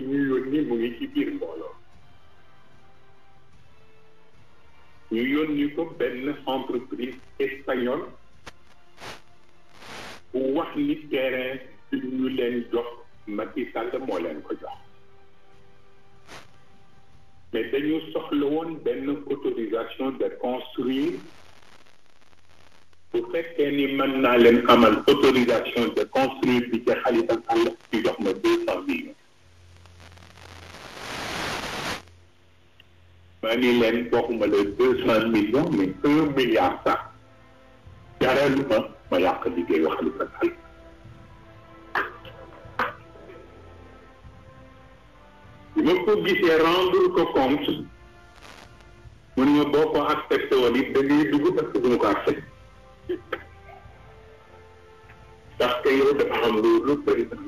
ni mu ngi ci biir mbooloo ñu ni ko ben entreprise espagnole bu wax ni terrain bi len leen jox Macky Sall moo leen ko jox mais dañu soxla woon ben autorisation de construire bu fekkee ni man naa len amal autorisation de construire bi ca Khalifa Sall ci jox ma deux cent ma ni leen waxuma la deux cent millions mais un milliard sax jaralu ma ma yàq liggéeyu Xalifa Sall bi ma ko gisee rendre ko compte mun ma boo ko accepté woon it da ngay dugg parce que du ma ko accepté parce que yow dafa am loolu président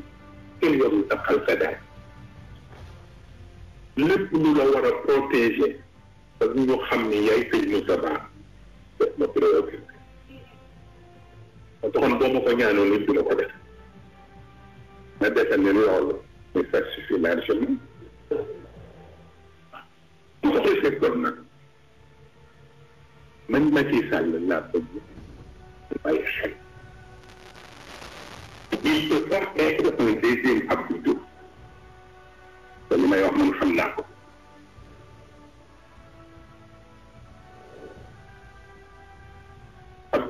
kenn yorul sa xalka daal lépp lu la war a protéger Segundo Jamnillay Filmu Sama. No quiero decir. Atokan domo kanya ano ni sila wala. Nadasan nila ako. May saksi financial mo. Ito ko sector na. Man masisal na lapag mo. Ay, ay. Ito sa ekot ng DCM Abdu. Salimay ako ng hanakot.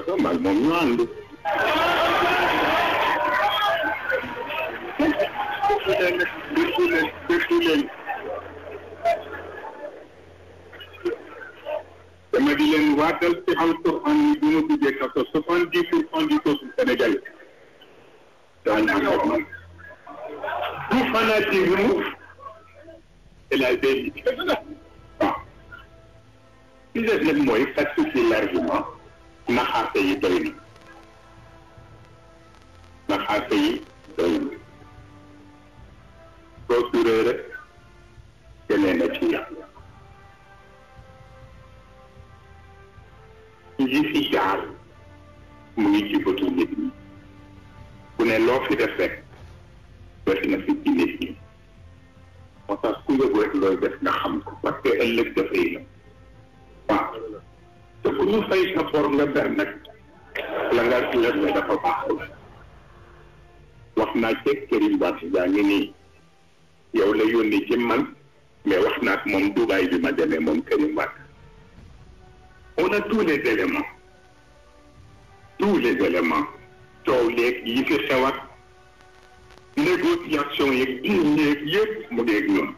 casa malmonuando. Düşünün, düşünün, düşünün. Dama di leen waatal ci alquran yi bu ma tuddee kaso soixante dix pour cent du peuple sénégalais du fanatisme et la vérité waaw li des nag mooy factifier l'argument naxaate yi doy na naxaate yi doy na soo suuree rek jëlee na ci yàlla yi fi jaar mu ngi ci bëtu nit ñi ku ne loo fi def rek defi na fi ci nit moo tax ku yëg rek looy def nga xam ko parce que ëllëg dafay la ku ñu fay sa bor nga ber nag la nga leer ne dafa baaxul wax naa ceeg Kërim Baasi daa ngi nii yow la yónni ci man mais wax naa ak moom Dubaay bi ma demee moom Kërim Baasi on a tous les éléments tous les éléments coow léeg yi kë xew ak négociation yeeg diir yépp mu dégg ñoom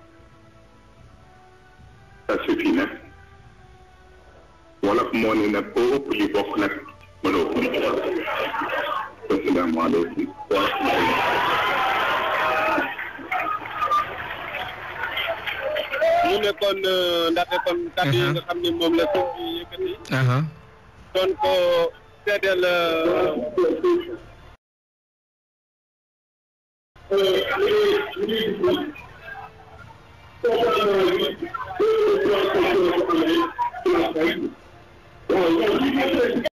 moo ne nag koo ëpp li bokk nag mënoo ko asalaamaaleykum wa mu nekkoon euh, ndaxte kon kàddu yi uh-huh. nga xam ne moom la sëñ bi yëkkati uh-huh. doon ko seedeel Thank euh, you. Well,